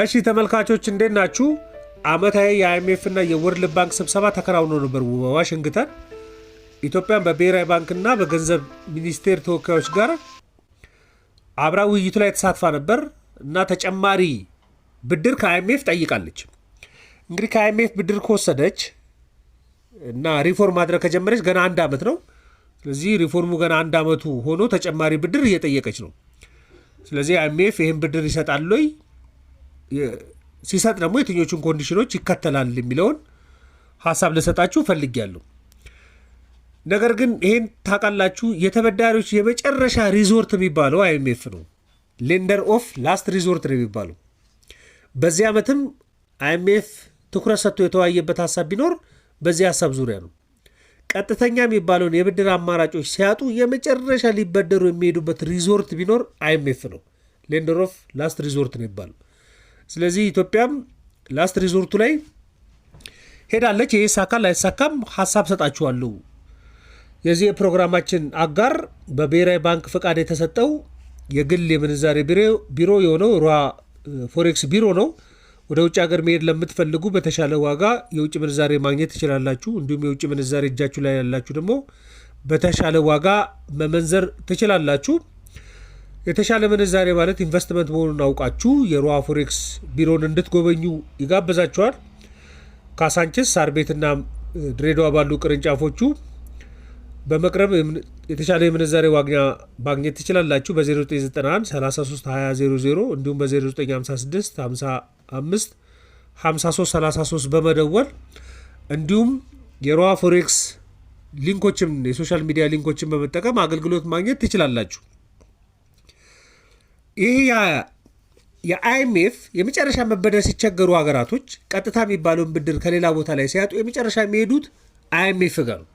እሺ ተመልካቾች እንዴት ናችሁ? ዓመታዊ የአይኤምኤፍ ና የወርልድ ባንክ ስብሰባ ተከናውኖ ነበር በዋሽንግተን። ኢትዮጵያን በብሔራዊ ባንክና በገንዘብ ሚኒስቴር ተወካዮች ጋር አብራ ውይይቱ ላይ ተሳትፋ ነበር እና ተጨማሪ ብድር ከአይኤምኤፍ ጠይቃለች። እንግዲህ ከአይኤምኤፍ ብድር ከወሰደች እና ሪፎርም ማድረግ ከጀመረች ገና አንድ ዓመት ነው። ስለዚህ ሪፎርሙ ገና አንድ ዓመቱ ሆኖ ተጨማሪ ብድር እየጠየቀች ነው። ስለዚህ አይኤምኤፍ ይህን ብድር ይሰጣል ወይ ሲሰጥ ደግሞ የትኞቹን ኮንዲሽኖች ይከተላል የሚለውን ሀሳብ ልሰጣችሁ ፈልጊያለሁ። ነገር ግን ይሄን ታውቃላችሁ፣ የተበዳሪዎች የመጨረሻ ሪዞርት የሚባለው አይኤምኤፍ ነው። ሌንደር ኦፍ ላስት ሪዞርት ነው የሚባለው። በዚህ ዓመትም አይኤምኤፍ ትኩረት ሰጥቶ የተወያየበት ሀሳብ ቢኖር በዚህ ሀሳብ ዙሪያ ነው። ቀጥተኛ የሚባለውን የብድር አማራጮች ሲያጡ የመጨረሻ ሊበደሩ የሚሄዱበት ሪዞርት ቢኖር አይኤምኤፍ ነው። ሌንደር ኦፍ ላስት ሪዞርት ነው የሚባለው። ስለዚህ ኢትዮጵያም ላስት ሪዞርቱ ላይ ሄዳለች። ይህ ሳካ ላይሳካም ሀሳብ ሰጣችኋለሁ። የዚህ የፕሮግራማችን አጋር በብሔራዊ ባንክ ፈቃድ የተሰጠው የግል የምንዛሬ ቢሮ የሆነው ሩሃ ፎሬክስ ቢሮ ነው። ወደ ውጭ ሀገር መሄድ ለምትፈልጉ በተሻለ ዋጋ የውጭ ምንዛሬ ማግኘት ትችላላችሁ። እንዲሁም የውጭ ምንዛሬ እጃችሁ ላይ ያላችሁ ደግሞ በተሻለ ዋጋ መመንዘር ትችላላችሁ። የተሻለ ምንዛሬ ማለት ኢንቨስትመንት መሆኑን አውቃችሁ የሮሃ ፎሬክስ ቢሮን እንድትጎበኙ ይጋበዛችኋል። ካሳንችስ ሳርቤትና ቤትና ድሬዳዋ ባሉ ቅርንጫፎቹ በመቅረብ የተሻለ የምንዛሬ ዋግኛ ማግኘት ትችላላችሁ። በ0991 33 2000 እንዲሁም በ0956 55 53 33 በመደወል እንዲሁም የሮሃ ፎሬክስ ሊንኮችም የሶሻል ሚዲያ ሊንኮችን በመጠቀም አገልግሎት ማግኘት ትችላላችሁ። ይህ የአይምኤፍ የመጨረሻ መበደር ሲቸገሩ ሀገራቶች ቀጥታ የሚባለውን ብድር ከሌላ ቦታ ላይ ሲያጡ የመጨረሻ የሚሄዱት አይምኤፍ ጋር ነው።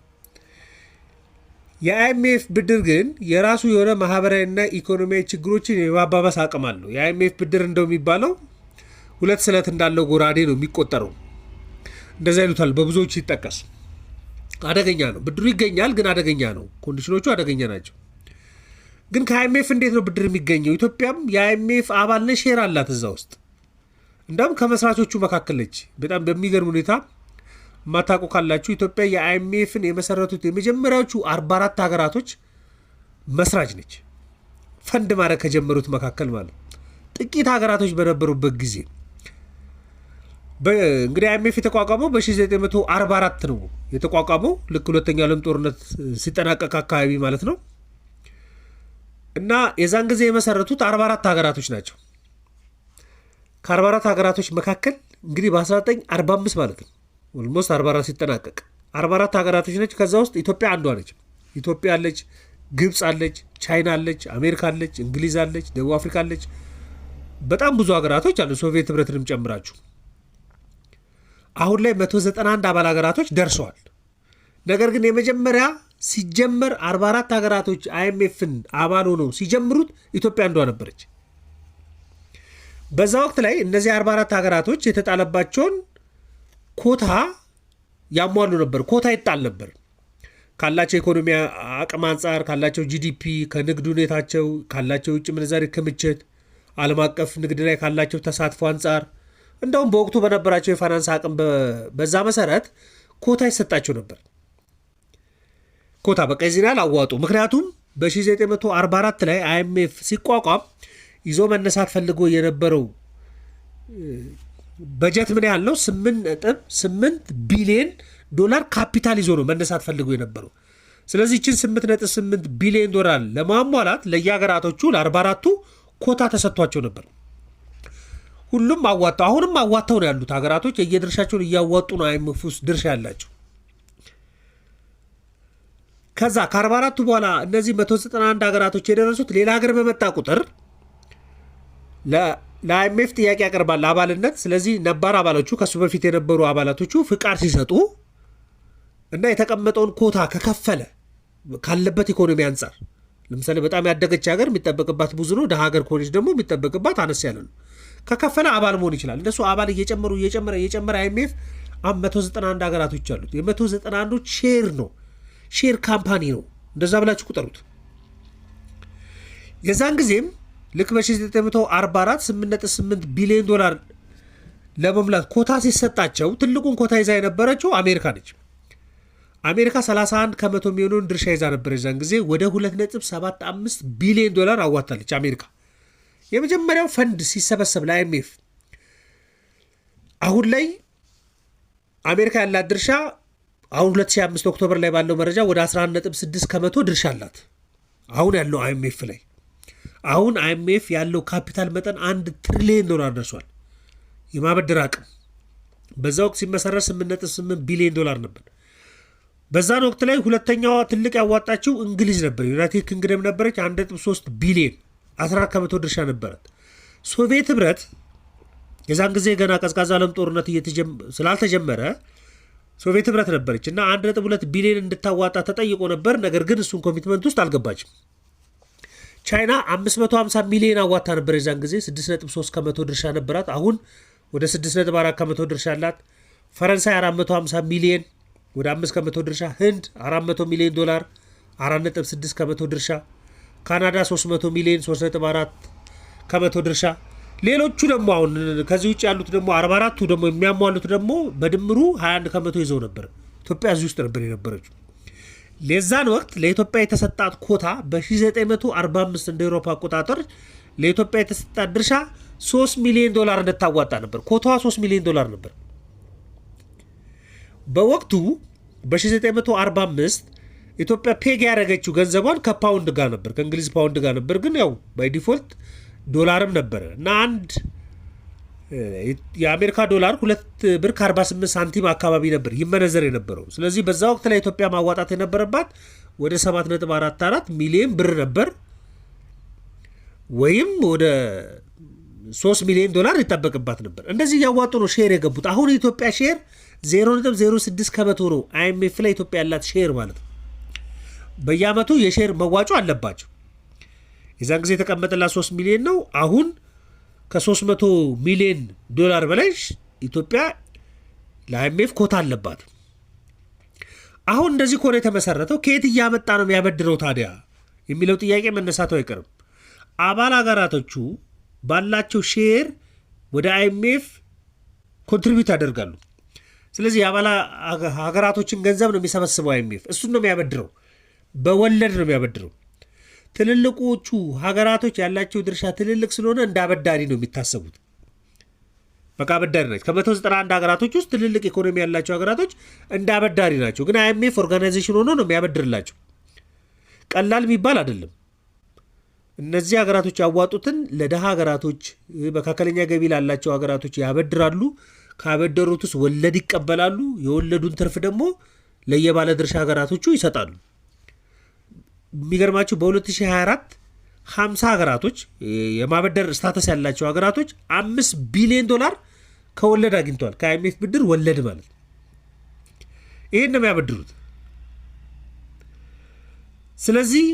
የአይምኤፍ ብድር ግን የራሱ የሆነ ማህበራዊና ኢኮኖሚያዊ ችግሮችን የማባባስ አቅም አለው። የአይምኤፍ ብድር እንደው የሚባለው ሁለት ስለት እንዳለው ጎራዴ ነው የሚቆጠረው። እንደዛ ይሉታል። በብዙዎች ሲጠቀስ አደገኛ ነው። ብድሩ ይገኛል፣ ግን አደገኛ ነው። ኮንዲሽኖቹ አደገኛ ናቸው። ግን ከአይኤምኤፍ እንዴት ነው ብድር የሚገኘው? ኢትዮጵያም የአይኤምኤፍ አባል ነች፣ ሼር አላት እዛ ውስጥ እንዳውም ከመስራቾቹ መካከል ነች። በጣም በሚገርም ሁኔታ ማታውቁ ካላችሁ ኢትዮጵያ የአይኤምኤፍን የመሰረቱት የመጀመሪያዎቹ 44 ሀገራቶች መስራች ነች። ፈንድ ማድረግ ከጀመሩት መካከል ማለት ጥቂት ሀገራቶች በነበሩበት ጊዜ እንግዲህ አይኤምኤፍ የተቋቋመው በ1944 ነው የተቋቋመው ልክ ሁለተኛው ዓለም ጦርነት ሲጠናቀቅ አካባቢ ማለት ነው። እና የዛን ጊዜ የመሰረቱት 44 ሀገራቶች ናቸው። ከ44 ሀገራቶች መካከል እንግዲህ በ1945 ማለት ነው ኦልሞስት 44 ሲጠናቀቅ 44 ሀገራቶች ናቸው። ከዛ ውስጥ ኢትዮጵያ አንዷ ነች። ኢትዮጵያ አለች፣ ግብፅ አለች፣ ቻይና አለች፣ አሜሪካ አለች፣ እንግሊዝ አለች፣ ደቡብ አፍሪካ አለች። በጣም ብዙ ሀገራቶች አሉ፣ ሶቪየት ህብረትንም ጨምራችሁ። አሁን ላይ 191 አባል ሀገራቶች ደርሰዋል። ነገር ግን የመጀመሪያ ሲጀመር 44 ሀገራቶች አይኤምኤፍን አባል ሆነው ሲጀምሩት ኢትዮጵያ አንዷ ነበረች። በዛ ወቅት ላይ እነዚህ 44 ሀገራቶች የተጣለባቸውን ኮታ ያሟሉ ነበር። ኮታ ይጣል ነበር ካላቸው ኢኮኖሚ አቅም አንጻር፣ ካላቸው ጂዲፒ፣ ከንግድ ሁኔታቸው፣ ካላቸው የውጭ ምንዛሪ ክምችት፣ ዓለም አቀፍ ንግድ ላይ ካላቸው ተሳትፎ አንጻር እንደውም በወቅቱ በነበራቸው የፋይናንስ አቅም በዛ መሰረት ኮታ ይሰጣቸው ነበር። ኮታ በቃ የዚህ ያህል አዋጡ። ምክንያቱም በ1944 ላይ አይኤምኤፍ ሲቋቋም ይዞ መነሳት ፈልጎ የነበረው በጀት ምን ያህል ነው? ስምንት ነጥብ ስምንት ቢሊዮን ዶላር ካፒታል ይዞ ነው መነሳት ፈልጎ የነበረው። ስለዚህ ይችን ስምንት ነጥብ ስምንት ቢሊዮን ዶላር ለማሟላት ለየሀገራቶቹ ለ44ቱ ኮታ ተሰጥቷቸው ነበር። ሁሉም አዋጣው። አሁንም አዋጥተው ነው ያሉት ሀገራቶች የየድርሻቸውን እያዋጡ ነው አይምፍ ውስጥ ድርሻ ያላቸው ከዛ ከ44ቱ በኋላ እነዚህ 191 ሀገራቶች የደረሱት ሌላ ሀገር በመጣ ቁጥር ለአይኤምኤፍ ጥያቄ ያቀርባል አባልነት። ስለዚህ ነባር አባሎቹ ከሱ በፊት የነበሩ አባላቶቹ ፍቃድ ሲሰጡ እና የተቀመጠውን ኮታ ከከፈለ ካለበት ኢኮኖሚ አንጻር ለምሳሌ በጣም ያደገች ሀገር የሚጠበቅባት ብዙ ነው። ደሀ ሀገር ከሆነች ደግሞ የሚጠበቅባት አነስ ያለ ነው። ከከፈለ አባል መሆን ይችላል። እነሱ አባል እየጨመሩ እየጨመረ እየጨመረ አይኤምኤፍ 191 ሀገራቶች አሉት። 191 ሼር ነው ሼር ካምፓኒ ነው፣ እንደዛ ብላችሁ ቁጠሩት። የዛን ጊዜም ልክ በ1944 8.8 ቢሊዮን ዶላር ለመሙላት ኮታ ሲሰጣቸው ትልቁን ኮታ ይዛ የነበረችው አሜሪካ ነች። አሜሪካ 31 ከመቶ የሚሆነውን ድርሻ ይዛ ነበር። የዛን ጊዜ ወደ 2.75 ቢሊዮን ዶላር አዋታለች አሜሪካ። የመጀመሪያው ፈንድ ሲሰበሰብ ለአይኤምኤፍ አሁን ላይ አሜሪካ ያላት ድርሻ አሁን 2005 ኦክቶበር ላይ ባለው መረጃ ወደ 11.6 ከመቶ ድርሻ አላት። አሁን ያለው አይኤምኤፍ ላይ አሁን አይኤምኤፍ ያለው ካፒታል መጠን አንድ ትሪሊየን ዶላር ደርሷል። የማበደር አቅም በዛ ወቅት ሲመሰረት 8.8 ቢሊዮን ዶላር ነበር። በዛን ወቅት ላይ ሁለተኛዋ ትልቅ ያዋጣችው እንግሊዝ ነበር፣ ዩናይትድ ኪንግደም ነበረች 1.3 ቢሊዮን 14 ከመቶ ድርሻ ነበረት። ሶቪየት ህብረት የዛን ጊዜ ገና ቀዝቃዛ ዓለም ጦርነት ስላልተጀመረ ሶቪየት ህብረት ነበረች እና 1.2 ቢሊዮን እንድታዋጣ ተጠይቆ ነበር። ነገር ግን እሱን ኮሚትመንት ውስጥ አልገባችም። ቻይና 550 ሚሊዮን አዋታ ነበር። የዛን ጊዜ 6.3 ከመቶ ድርሻ ነበራት። አሁን ወደ 6.4 ከመቶ ድርሻ አላት። ፈረንሳይ 450 ሚሊዮን ወደ 5 ከመቶ ድርሻ፣ ህንድ 400 ሚሊዮን ዶላር 4.6 ከመቶ ድርሻ፣ ካናዳ 300 ሚሊዮን 3.4 ከመቶ ድርሻ ሌሎቹ ደግሞ አሁን ከዚህ ውጭ ያሉት ደግሞ አርባ አራቱ ደግሞ የሚያሟሉት ደግሞ በድምሩ 21 ከመቶ ይዘው ነበር። ኢትዮጵያ እዚህ ውስጥ ነበር የነበረችው። የዛን ወቅት ለኢትዮጵያ የተሰጣት ኮታ በ1945 እንደ ኤሮፓ አቆጣጠር ለኢትዮጵያ የተሰጣት ድርሻ 3 ሚሊዮን ዶላር እንድታዋጣ ነበር። ኮታዋ 3 ሚሊዮን ዶላር ነበር። በወቅቱ በ1945 ኢትዮጵያ ፔግ ያደረገችው ገንዘቧን ከፓውንድ ጋር ነበር፣ ከእንግሊዝ ፓውንድ ጋር ነበር። ግን ያው ባይ ዲፎልት ዶላርም ነበረ እና አንድ የአሜሪካ ዶላር ሁለት ብር ከ48 ሳንቲም አካባቢ ነበር ይመነዘር የነበረው። ስለዚህ በዛ ወቅት ላይ ኢትዮጵያ ማዋጣት የነበረባት ወደ 7.44 ሚሊዮን ብር ነበር ወይም ወደ 3 ሚሊዮን ዶላር ይጠበቅባት ነበር። እንደዚህ እያዋጡ ነው ሼር የገቡት። አሁን የኢትዮጵያ ሼር 0.06 ከመቶ ነው፣ አይኤምኤፍ ላይ ኢትዮጵያ ያላት ሼር ማለት ነው። በየአመቱ የሼር መዋጮ አለባቸው። የዛን ጊዜ የተቀመጠላት 3 ሚሊዮን ነው። አሁን ከ300 ሚሊዮን ዶላር በላይ ኢትዮጵያ ለአይኤምኤፍ ኮታ አለባት። አሁን እንደዚህ ከሆነ የተመሰረተው ከየት እያመጣ ነው የሚያበድረው ታዲያ የሚለው ጥያቄ መነሳቱ አይቀርም። አባል ሀገራቶቹ ባላቸው ሼር ወደ አይኤምኤፍ ኮንትሪቢዩት ያደርጋሉ። ስለዚህ የአባል ሀገራቶችን ገንዘብ ነው የሚሰበስበው አይኤምኤፍ። እሱን ነው የሚያበድረው፣ በወለድ ነው የሚያበድረው። ትልልቆቹ ሀገራቶች ያላቸው ድርሻ ትልልቅ ስለሆነ እንደ አበዳሪ ነው የሚታሰቡት። በቃ አበዳሪ ናቸው። ከመቶ ዘጠና አንድ ሀገራቶች ውስጥ ትልልቅ ኢኮኖሚ ያላቸው ሀገራቶች እንደ አበዳሪ ናቸው። ግን አይኤምኤፍ ኦርጋናይዜሽን ሆኖ ነው የሚያበድርላቸው። ቀላል የሚባል አይደለም። እነዚህ ሀገራቶች ያዋጡትን ለደሃ ሀገራቶች፣ መካከለኛ ገቢ ላላቸው ሀገራቶች ያበድራሉ። ካበደሩት ውስጥ ወለድ ይቀበላሉ። የወለዱን ትርፍ ደግሞ ለየባለ ድርሻ ሀገራቶቹ ይሰጣሉ። የሚገርማቸው በ2024 50 ሀገራቶች የማበደር ስታተስ ያላቸው ሀገራቶች አምስት ቢሊዮን ዶላር ከወለድ አግኝተዋል። ከአይኤምኤፍ ብድር ወለድ ማለት ይህን ነው የሚያበድሩት። ስለዚህ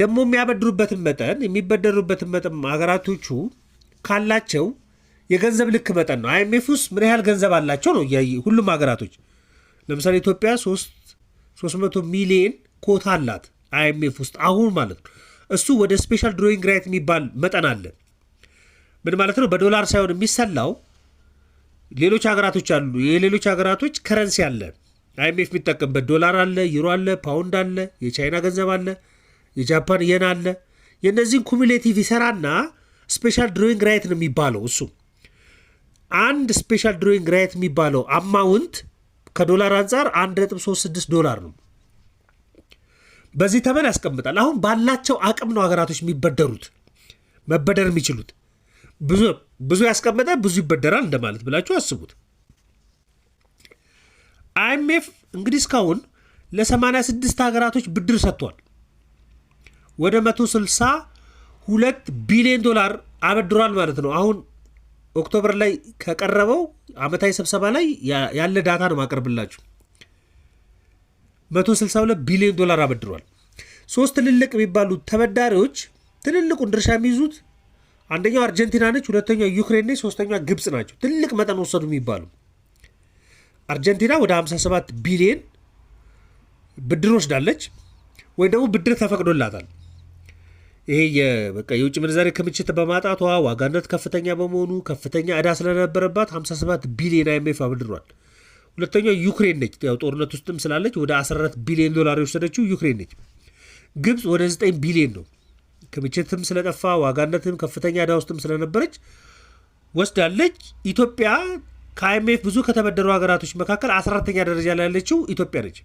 ደግሞ የሚያበድሩበትን መጠን የሚበደሩበትን መጠን ሀገራቶቹ ካላቸው የገንዘብ ልክ መጠን ነው። አይኤምኤፍ ውስጥ ምን ያህል ገንዘብ አላቸው ነው ሁሉም ሀገራቶች። ለምሳሌ ኢትዮጵያ 300 ሚሊየን ኮታ አላት አይኤምኤፍ ውስጥ አሁን ማለት ነው። እሱ ወደ ስፔሻል ድሮይንግ ራይት የሚባል መጠን አለ። ምን ማለት ነው? በዶላር ሳይሆን የሚሰላው ሌሎች ሀገራቶች አሉ። የሌሎች ሀገራቶች ከረንሲ አለ። አይኤምኤፍ የሚጠቀምበት ዶላር አለ፣ ዩሮ አለ፣ ፓውንድ አለ፣ የቻይና ገንዘብ አለ፣ የጃፓን የን አለ። የእነዚህን ኩሚሌቲቭ ይሰራና ስፔሻል ድሮይንግ ራይት ነው የሚባለው። እሱ አንድ ስፔሻል ድሮይንግ ራይት የሚባለው አማውንት ከዶላር አንጻር 1.36 ዶላር ነው። በዚህ ተመን ያስቀምጣል። አሁን ባላቸው አቅም ነው ሀገራቶች የሚበደሩት መበደር የሚችሉት። ብዙ ያስቀመጠ ብዙ ይበደራል እንደማለት ብላችሁ አስቡት። አይኤምኤፍ እንግዲህ እስካሁን ለ86 ሀገራቶች ብድር ሰጥቷል። ወደ 162 ቢሊዮን ዶላር አበድሯል ማለት ነው። አሁን ኦክቶበር ላይ ከቀረበው አመታዊ ስብሰባ ላይ ያለ ዳታ ነው ማቀርብላችሁ። 162 ቢሊዮን ዶላር አበድሯል። ሶስት ትልልቅ የሚባሉ ተበዳሪዎች ትልልቁን ድርሻ የሚይዙት አንደኛው አርጀንቲና ነች፣ ሁለተኛው ዩክሬን ነች፣ ሶስተኛ ግብፅ ናቸው። ትልቅ መጠን ወሰዱ የሚባሉ አርጀንቲና ወደ 57 ቢሊዮን ብድር ወስዳለች፣ ወይ ደግሞ ብድር ተፈቅዶላታል። ይሄ በቃ የውጭ ምንዛሬ ክምችት በማጣቷ ዋጋነት ከፍተኛ በመሆኑ ከፍተኛ እዳ ስለነበረባት 57 ቢሊዮን አይኤምኤፍ አብድሯል። ሁለተኛው ዩክሬን ነች። ያው ጦርነት ውስጥም ስላለች ወደ 14 ቢሊዮን ዶላር የወሰደችው ዩክሬን ነች። ግብፅ ወደ 9 ቢሊዮን ነው። ክምችትም ስለጠፋ ዋጋነትም ከፍተኛ ዕዳ ውስጥም ስለነበረች ወስዳለች። ኢትዮጵያ ከአይኤምኤፍ ብዙ ከተበደሩ ሀገራቶች መካከል 14ተኛ ደረጃ ላይ ያለችው ኢትዮጵያ ነች፣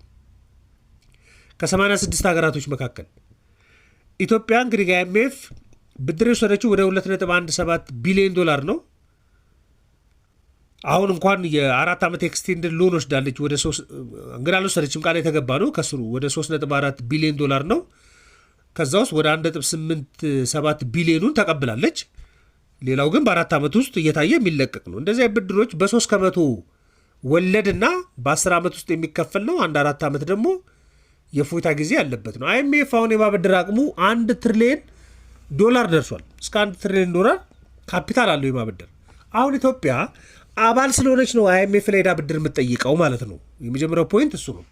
ከ86 ሀገራቶች መካከል። ኢትዮጵያ እንግዲህ ከአይኤምኤፍ ብድር የወሰደችው ወደ 2.17 ቢሊዮን ዶላር ነው። አሁን እንኳን የአራት ዓመት ኤክስቴንድድ ሎን ወስዳለች። ወደ እንግዲህ አልወሰደችም ቃል የተገባ ነው። ከስሩ ወደ 3.4 ቢሊዮን ዶላር ነው። ከዛ ውስጥ ወደ 1.87 ቢሊዮኑን ተቀብላለች። ሌላው ግን በአራት ዓመት ውስጥ እየታየ የሚለቀቅ ነው። እንደዚህ ብድሮች በ3 ከመቶ ወለድና በ10 ዓመት ውስጥ የሚከፈል ነው። አንድ አራት ዓመት ደግሞ የፎታ ጊዜ ያለበት ነው። አይኤምኤፍ አሁን የማበደር አቅሙ አንድ ትሪሊየን ዶላር ደርሷል። እስከ አንድ ትሪሊየን ዶላር ካፒታል አለው የማበደር አሁን ኢትዮጵያ አባል ስለሆነች ነው አይኤምኤፍ ላይ ሄዳ ብድር የምትጠይቀው ማለት ነው። የመጀመሪያው ፖይንት እሱ ነው።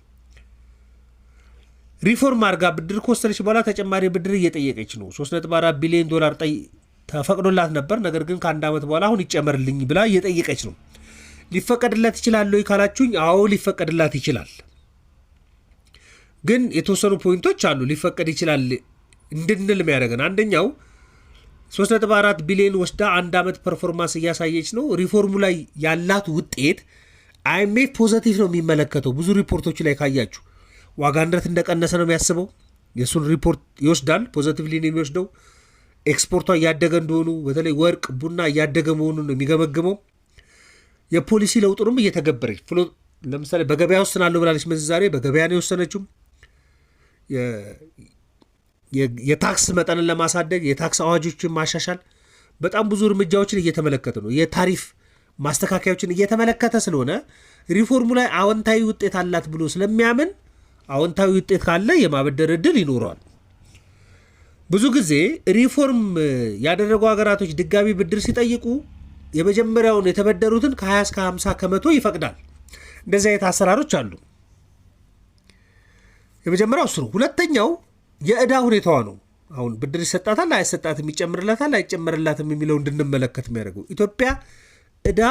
ሪፎርም አድርጋ ብድር ከወሰደች በኋላ ተጨማሪ ብድር እየጠየቀች ነው። 3.4 ቢሊዮን ዶላር ተፈቅዶላት ነበር። ነገር ግን ከአንድ ዓመት በኋላ አሁን ይጨመርልኝ ብላ እየጠየቀች ነው። ሊፈቀድላት ይችላል ወይ ካላችሁኝ፣ አዎ ሊፈቀድላት ይችላል። ግን የተወሰኑ ፖይንቶች አሉ ሊፈቀድ ይችላል እንድንል የሚያደርገን አንደኛው 3.4 ቢሊዮን ወስዳ አንድ ዓመት ፐርፎርማንስ እያሳየች ነው። ሪፎርሙ ላይ ያላት ውጤት አይኤምኤፍ ፖዘቲቭ ነው የሚመለከተው። ብዙ ሪፖርቶች ላይ ካያችሁ ዋጋ ንረት እንደቀነሰ ነው የሚያስበው። የእሱን ሪፖርት ይወስዳል። ፖዘቲቭ ሊን የሚወስደው። ኤክስፖርቷ እያደገ እንደሆኑ በተለይ ወርቅ፣ ቡና እያደገ መሆኑን ነው የሚገመግመው። የፖሊሲ ለውጡንም እየተገበረች ፍሎ ለምሳሌ በገበያ ወስናለሁ ብላለች። ምንዛሬ በገበያ ነው የወሰነችው። የታክስ መጠንን ለማሳደግ የታክስ አዋጆችን ማሻሻል በጣም ብዙ እርምጃዎችን እየተመለከተ ነው። የታሪፍ ማስተካከያዎችን እየተመለከተ ስለሆነ ሪፎርሙ ላይ አዎንታዊ ውጤት አላት ብሎ ስለሚያምን አዎንታዊ ውጤት ካለ የማበደር እድል ይኖረዋል። ብዙ ጊዜ ሪፎርም ያደረጉ ሀገራቶች ድጋሚ ብድር ሲጠይቁ የመጀመሪያውን የተበደሩትን ከ20 እስከ 50 ከመቶ ይፈቅዳል። እንደዚህ አይነት አሰራሮች አሉ። የመጀመሪያው ስሩ። ሁለተኛው የእዳ ሁኔታዋ ነው። አሁን ብድር ይሰጣታል አይሰጣትም፣ ይጨምርላታል አይጨምርላትም የሚለው እንድንመለከት የሚያደርገው ኢትዮጵያ እዳ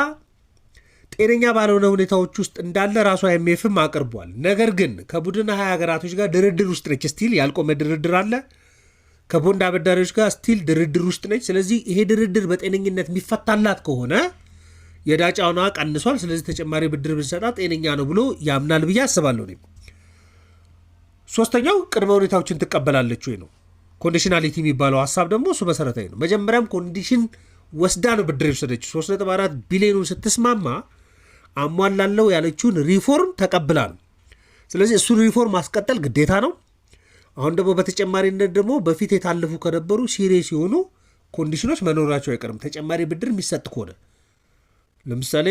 ጤነኛ ባልሆነ ሁኔታዎች ውስጥ እንዳለ ራሷ የሚፍም አቅርቧል። ነገር ግን ከቡድን ሀያ ሀገራቶች ጋር ድርድር ውስጥ ነች። ስቲል ያልቆመ ድርድር አለ። ከቦንድ አበዳሪዎች ጋር ስቲል ድርድር ውስጥ ነች። ስለዚህ ይሄ ድርድር በጤነኝነት የሚፈታላት ከሆነ የዕዳ ጫኗ ቀንሷል። ስለዚህ ተጨማሪ ብድር ብንሰጣ ጤነኛ ነው ብሎ ያምናል ብዬ አስባለሁ። ሶስተኛው ቅድመ ሁኔታዎችን ትቀበላለች ወይ ነው። ኮንዲሽናሊቲ የሚባለው ሀሳብ ደግሞ እሱ መሰረታዊ ነው። መጀመሪያም ኮንዲሽን ወስዳ ነው ብድር የወሰደችው 3.4 ቢሊዮኑን ስትስማማ አሟላለው ያለችውን ሪፎርም ተቀብላ ነው። ስለዚህ እሱን ሪፎርም ማስቀጠል ግዴታ ነው። አሁን ደግሞ በተጨማሪነት ደግሞ በፊት የታለፉ ከነበሩ ሲሪየስ የሆኑ ኮንዲሽኖች መኖራቸው አይቀርም። ተጨማሪ ብድር የሚሰጥ ከሆነ ለምሳሌ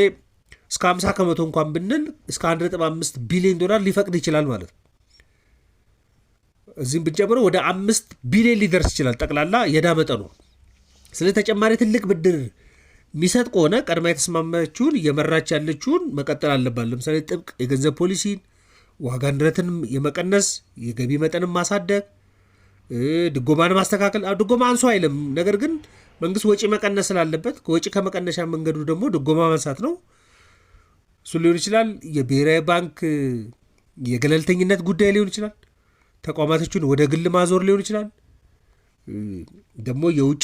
እስከ 50 ከመቶ እንኳን ብንል እስከ 1.5 ቢሊዮን ዶላር ሊፈቅድ ይችላል ማለት ነው። እዚህም ብንጨምረው ወደ አምስት ቢሊዮን ሊደርስ ይችላል ጠቅላላ የዳ መጠኑ። ስለ ተጨማሪ ትልቅ ብድር የሚሰጥ ከሆነ ቀድማ የተስማማችውን እየመራች ያለችውን መቀጠል አለባት። ለምሳሌ ጥብቅ የገንዘብ ፖሊሲን፣ ዋጋ ንረትን የመቀነስ የገቢ መጠንን ማሳደግ፣ ድጎማን ማስተካከል። ድጎማ አንሶ አይልም፣ ነገር ግን መንግስት ወጪ መቀነስ ስላለበት ከወጪ ከመቀነሻ መንገዱ ደግሞ ድጎማ ማንሳት ነው። እሱ ሊሆን ይችላል። የብሔራዊ ባንክ የገለልተኝነት ጉዳይ ሊሆን ይችላል። ተቋማቶቹን ወደ ግል ማዞር ሊሆን ይችላል። ደግሞ የውጭ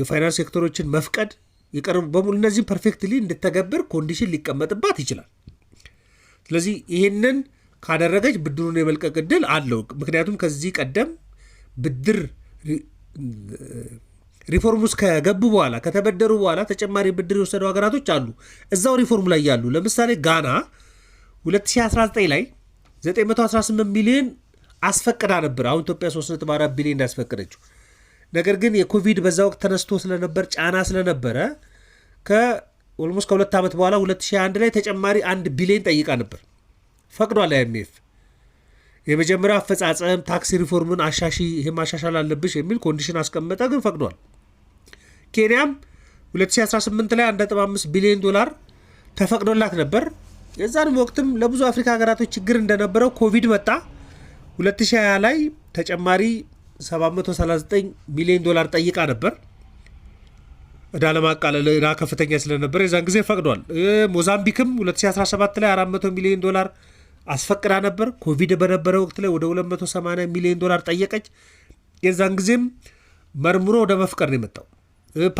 የፋይናንስ ሴክተሮችን መፍቀድ የቀረቡ በሙሉ እነዚህ ፐርፌክትሊ እንድተገብር ኮንዲሽን ሊቀመጥባት ይችላል። ስለዚህ ይህንን ካደረገች ብድሩን የመልቀቅ እድል አለው። ምክንያቱም ከዚህ ቀደም ብድር ሪፎርም ውስጥ ከገቡ በኋላ ከተበደሩ በኋላ ተጨማሪ ብድር የወሰዱ ሀገራቶች አሉ፣ እዛው ሪፎርም ላይ ያሉ። ለምሳሌ ጋና 2019 ላይ 918 ሚሊዮን አስፈቅዳ ነበር። አሁን ኢትዮጵያ 3.4 ቢሊዮን እንዳስፈቅደችው ነገር ግን የኮቪድ በዛ ወቅት ተነስቶ ስለነበር ጫና ስለነበረ ከኦልሞስ ከሁለት ዓመት በኋላ 2021 ላይ ተጨማሪ አንድ ቢሊዮን ጠይቃ ነበር። ፈቅዷል አይኤምኤፍ። የመጀመሪያ አፈጻጸም ታክስ ሪፎርምን አሻሺ ይህ ማሻሻል አለብሽ የሚል ኮንዲሽን አስቀመጠ፣ ግን ፈቅዷል። ኬንያም 2018 ላይ 1.5 ቢሊዮን ዶላር ተፈቅዶላት ነበር። የዛንም ወቅትም ለብዙ አፍሪካ ሀገራቶች ችግር እንደነበረው ኮቪድ መጣ። 2020 ላይ ተጨማሪ 739 ሚሊዮን ዶላር ጠይቃ ነበር እዳ ለማቃለል እዳ ከፍተኛ ስለነበረ የዛን ጊዜ ፈቅዷል። ሞዛምቢክም 2017 ላይ 400 ሚሊዮን ዶላር አስፈቅዳ ነበር። ኮቪድ በነበረ ወቅት ላይ ወደ 280 ሚሊዮን ዶላር ጠየቀች። የዛን ጊዜም መርምሮ ወደ መፍቀር ነው የመጣው።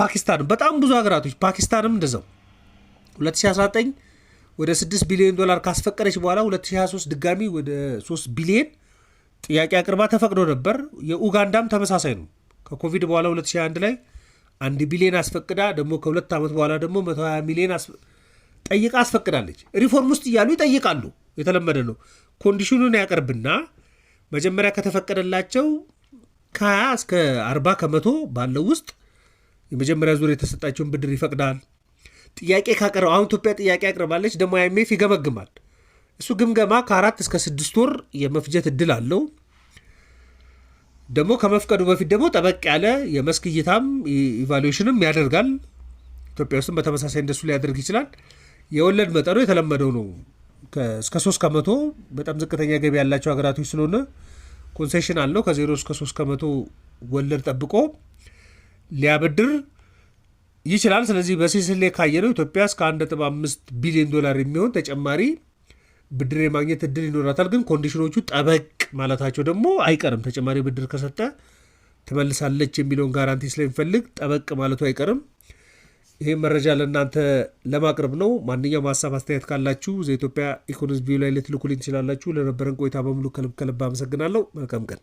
ፓኪስታንም በጣም ብዙ ሀገራቶች ፓኪስታንም እንደዛው 2019 ወደ 6 ቢሊዮን ዶላር ካስፈቀደች በኋላ 2023 ድጋሚ ወደ 3 ቢሊዮን ጥያቄ አቅርባ ተፈቅዶ ነበር። የኡጋንዳም ተመሳሳይ ነው። ከኮቪድ በኋላ 2021 ላይ አንድ ቢሊዮን አስፈቅዳ ደግሞ ከሁለት ዓመት በኋላ ደግሞ 120 ሚሊዮን ጠይቃ አስፈቅዳለች። ሪፎርም ውስጥ እያሉ ይጠይቃሉ። የተለመደ ነው። ኮንዲሽኑን ያቀርብና መጀመሪያ ከተፈቀደላቸው ከ20 እስከ 40 ከመቶ ባለው ውስጥ የመጀመሪያ ዙር የተሰጣቸውን ብድር ይፈቅዳል። ጥያቄ ካቀረበ አሁን ኢትዮጵያ ጥያቄ ያቅርባለች። ደግሞ አይኤምኤፍ ይገመግማል። እሱ ግምገማ ከአራት እስከ ስድስት ወር የመፍጀት እድል አለው። ደግሞ ከመፍቀዱ በፊት ደግሞ ጠበቅ ያለ የመስክ እይታም ኢቫሉዌሽንም ያደርጋል። ኢትዮጵያ ውስጥም በተመሳሳይ እንደሱ ሊያደርግ ይችላል። የወለድ መጠኑ የተለመደው ነው። እስከ ሶስት ከመቶ በጣም ዝቅተኛ ገቢ ያላቸው ሀገራቶች ስለሆነ ኮንሴሽን አለው። ከዜሮ እስከ ሶስት ከመቶ ወለድ ጠብቆ ሊያበድር ይችላል። ስለዚህ በሴስሌ ካየነው ኢትዮጵያ እስከ 1.5 ቢሊዮን ዶላር የሚሆን ተጨማሪ ብድር የማግኘት እድል ይኖራታል። ግን ኮንዲሽኖቹ ጠበቅ ማለታቸው ደግሞ አይቀርም። ተጨማሪ ብድር ከሰጠ ትመልሳለች የሚለውን ጋራንቲ ስለሚፈልግ ጠበቅ ማለቱ አይቀርም። ይህም መረጃ ለእናንተ ለማቅረብ ነው። ማንኛውም ሀሳብ አስተያየት ካላችሁ ዘኢትዮጵያ ኢኮኖሚ ቪው ላይ ልትልኩልኝ ትችላላችሁ። ለነበረን ቆይታ በሙሉ ከልብ ከልብ አመሰግናለሁ። መልካም ቀን